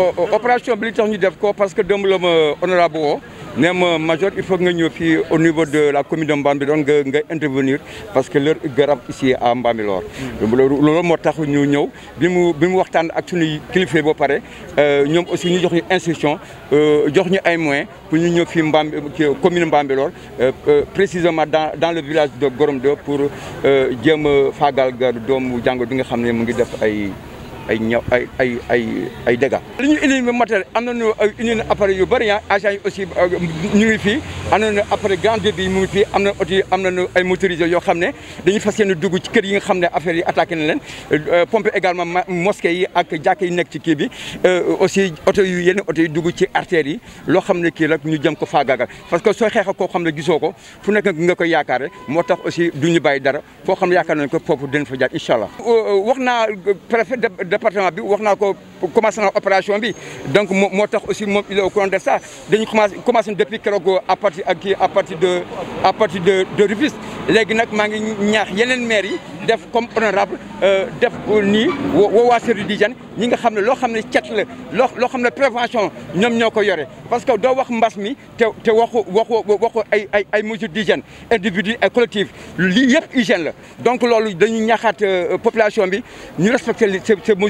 Euh, opération bi li tax ñu def ko parce que démb la honorable woo ne ma major il faut nga ñëw fi au niveau de la commune de Mbambilor nga nga intervenir parce que leur garab ici à Mbambilor lolu moo tax ñu ñëw bi mu bi mu waxtaan ak suñuy kilifa ba pare euh, aussi ñu jox ñu instruction euh, jox ñu ay moyens pour ñu ñëw fii Mbambi commune Mbambilor précisément dans dans le village de Gorom 2 pour euh jëm fagal gar doomu jàngo bi nga xamné mu ngi def ay ay ñaw ay ay ay ay dégâts. li ñu indi nii matériel am nañu indi na appareil yu bëri ah agents yi aussi euh, ñu ngi fii am nañu appareil grande bi mu ngi fii am na oto yi am nañu ay motorisés yoo xam ne dañuy fas yéene dugg ci kër yi nga xam ne affaire yi attaqué na leen euh, pompe également mosquée yi ak jàkka yi nekk ci kii bi euh, aussi oto yu yenn oto yi dugg ci artères yi loo xam ne kii rek ñu jëm ko faagaagal parce que soo xeexee koo xam ne gisoo ko fu nekk nga koy yaakaare moo tax aussi du ñu bàyyi dara foo xam ne yaakaar nañ ko foofu dinañ fa jaar incha département bi wax ko commencé na opération bi donc motax aussi mom il est au courant de ça dañu commencé commencé depuis kérogo à partir à partir de à partir de de Rufisque légui nak ma ngi ñaax yenen maires yi def comme honorable euh def ni woo wa Saint-Louis di Diène ñi nga xam ne loo xam la lo loo xam prévention ñom ñoko yoré parce que do wax mbass mi té te waxu waxu waxu ay ay ay mesures d'hygiène individuelles et collectif li yépp hygiène la donc lolu dañu ñaaxaat euh, population bi ñu respecter ces mesures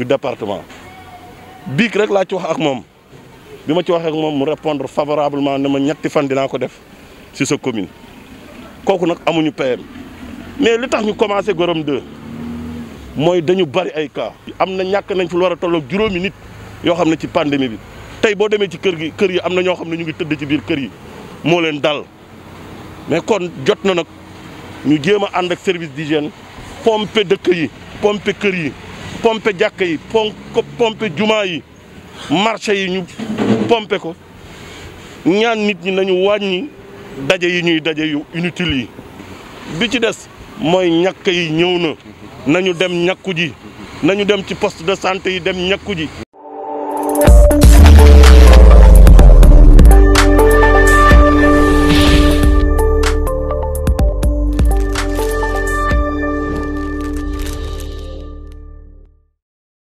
du département biig rek la ci wax ak mom. Bima ci wax ak mom mu répondre favorablement ne ñetti fan dina ko def ci sa commune kooku nak amuñu PM mais li tax ñu commencer Gorom 2 moy dañu bari ay cas Amna ñak nañ fi wara tolok juroomi nit yo xam ci pandémie bi Tay bo démé ci kër gi kër yi amna ño ñoo ñu ngi tëdd ci biir kër yi mo leen dal mais kon jot na nag ñu jéem and ak service d'hygiène pomper dëkk yi pomper kër yi pompe jàkk yi pon pompe jumaa yi marché yi ñu pompe ko ñaan nit ñi nañu wàññi daje yi ñuy daje yu inutile yi bi ci des mooy ñàkk yi ñëw na nañu dem ñàkku ji nañu dem ci poste de santé yi dem ñàkku ji